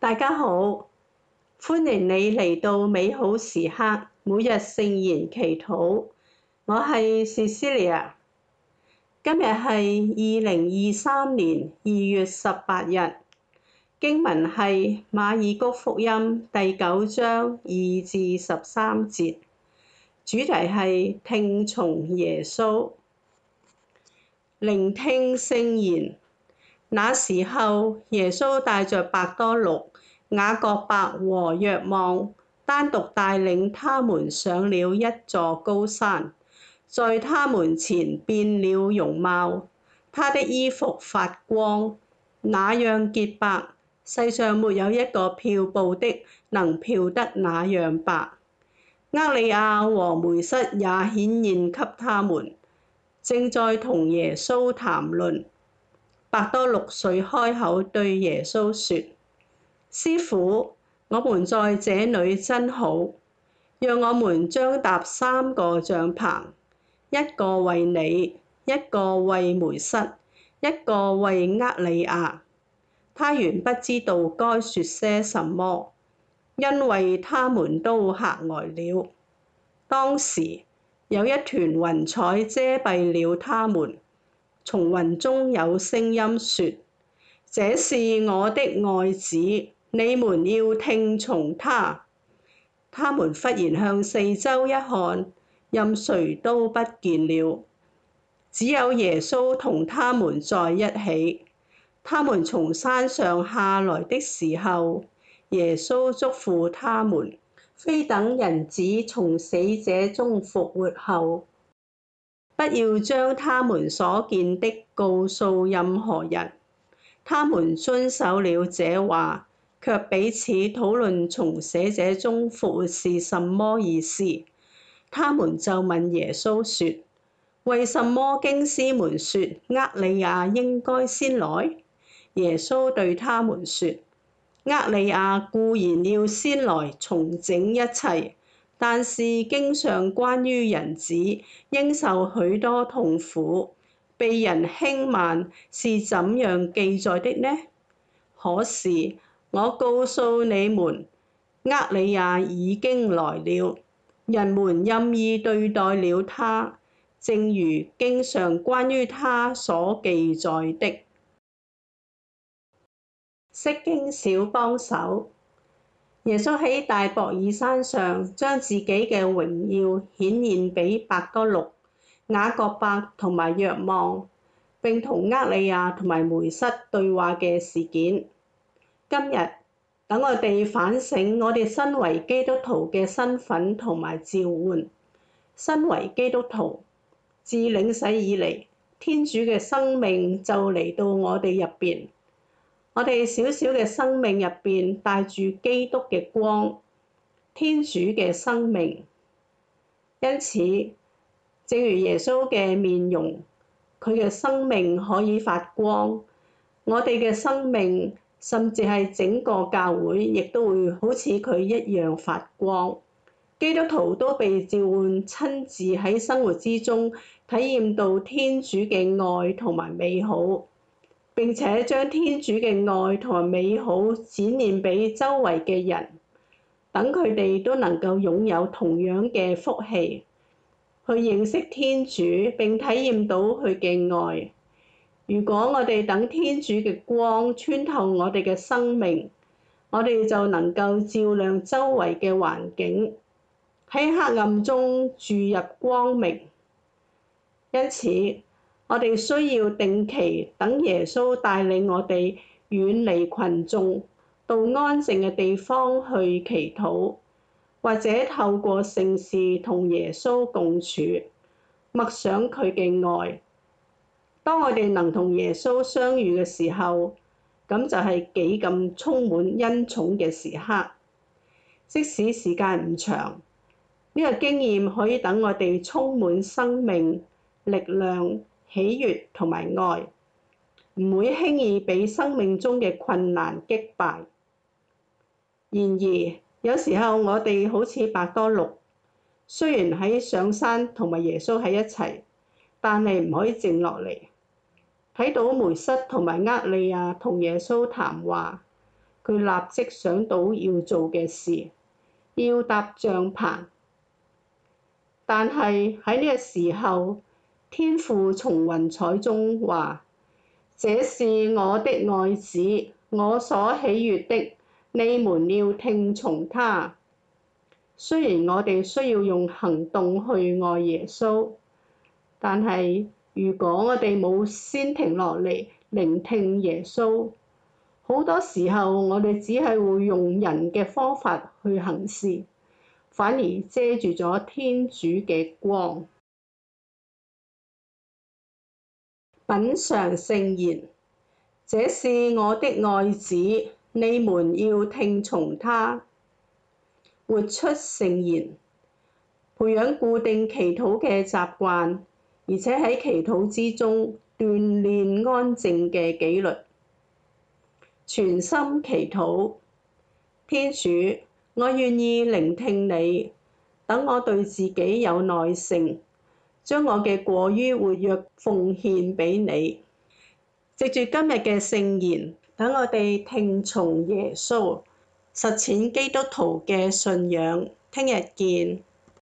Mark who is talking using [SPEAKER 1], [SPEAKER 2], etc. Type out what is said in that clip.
[SPEAKER 1] 大家好，歡迎你嚟到美好時刻每日聖言祈禱，我係 Cecilia，今日係二零二三年二月十八日，經文係馬爾谷福音第九章二至十三節，主題係聽從耶穌，聆聽聖言。那時候，耶穌帶着伯多祿、雅各伯和若望，單獨帶領他們上了一座高山，在他們前變了容貌，他的衣服發光，那樣潔白，世上沒有一個漂布的能漂得那樣白。厄里亞和梅瑟也顯現給他們，正在同耶穌談論。伯多祿遂開口對耶穌說：師傅，我們在這裏真好，讓我們張搭三個帳棚，一個為你，一個為梅瑟，一個為厄里亞。他原不知道該說些什麼，因為他們都嚇呆了。當時，有一團雲彩遮蔽了他們。從雲中有聲音說：這是我的愛子，你們要聽從他。他們忽然向四周一看，任誰都不見了，只有耶穌同他們在一起。他們從山上下來的時候，耶穌囑咐他們，非等人子從死者中復活後，不要將他們所見的告訴任何人。他們遵守了這話，卻彼此討論從死者中復活是什麼意思。他們就問耶穌說：為什麼經師們說厄里亞應該先來？耶穌對他們說：厄里亞固然要先來重整一切。但是經上關於人子應受許多痛苦、被人輕慢，是怎樣記載的呢？可是，我告訴你們，厄里亞已經來了，人們任意對待了他，正如經上關於他所記載的。釋經小幫手。耶穌喺大博爾山上將自己嘅榮耀顯現俾伯多祿、雅各伯同埋若望，並同厄利亞同埋梅瑟對話嘅事件。今日等我哋反省，我哋身為基督徒嘅身份同埋召喚。身為基督徒自領洗以嚟，天主嘅生命就嚟到我哋入邊。我哋小小嘅生命入邊帶住基督嘅光、天主嘅生命，因此，正如耶穌嘅面容，佢嘅生命可以發光，我哋嘅生命甚至係整個教會，亦都會好似佢一樣發光。基督徒都被召喚親自喺生活之中體驗到天主嘅愛同埋美好。並且將天主嘅愛同美好展現俾周圍嘅人，等佢哋都能夠擁有同樣嘅福氣，去認識天主，並體驗到佢嘅愛。如果我哋等天主嘅光穿透我哋嘅生命，我哋就能夠照亮周圍嘅環境，喺黑暗中注入光明。因此，我哋需要定期等耶穌帶領我哋遠離群眾，到安靜嘅地方去祈禱，或者透過聖事同耶穌共處，默想佢嘅愛。當我哋能同耶穌相遇嘅時候，咁就係幾咁充滿恩寵嘅時刻。即使時間唔長，呢、這個經驗可以等我哋充滿生命、力量、喜悅同埋愛，唔會輕易被生命中嘅困難擊敗。然而，有時候我哋好似伯多祿，雖然喺上山同埋耶穌喺一齊，但係唔可以靜落嚟。睇到梅瑟同埋厄利亞同耶穌談話，佢立即想到要做嘅事，要搭帳棚。但係喺呢個時候，天父從雲彩中話：這是我的愛子，我所喜悅的，你們要聽從祂。雖然我哋需要用行動去愛耶穌，但係如果我哋冇先停落嚟聆聽耶穌，好多時候我哋只係會用人嘅方法去行事，反而遮住咗天主嘅光。品嚐聖言，這是我的愛子，你們要聽從祂，活出聖言，培養固定祈禱嘅習慣，而且喺祈禱之中鍛鍊安靜嘅紀律，全心祈禱，天主，我願意聆聽祢，等我對自己有耐性。將我嘅過於活躍奉獻畀你，藉住今日嘅聖言，等我哋聽從耶穌，實踐基督徒嘅信仰。聽日見。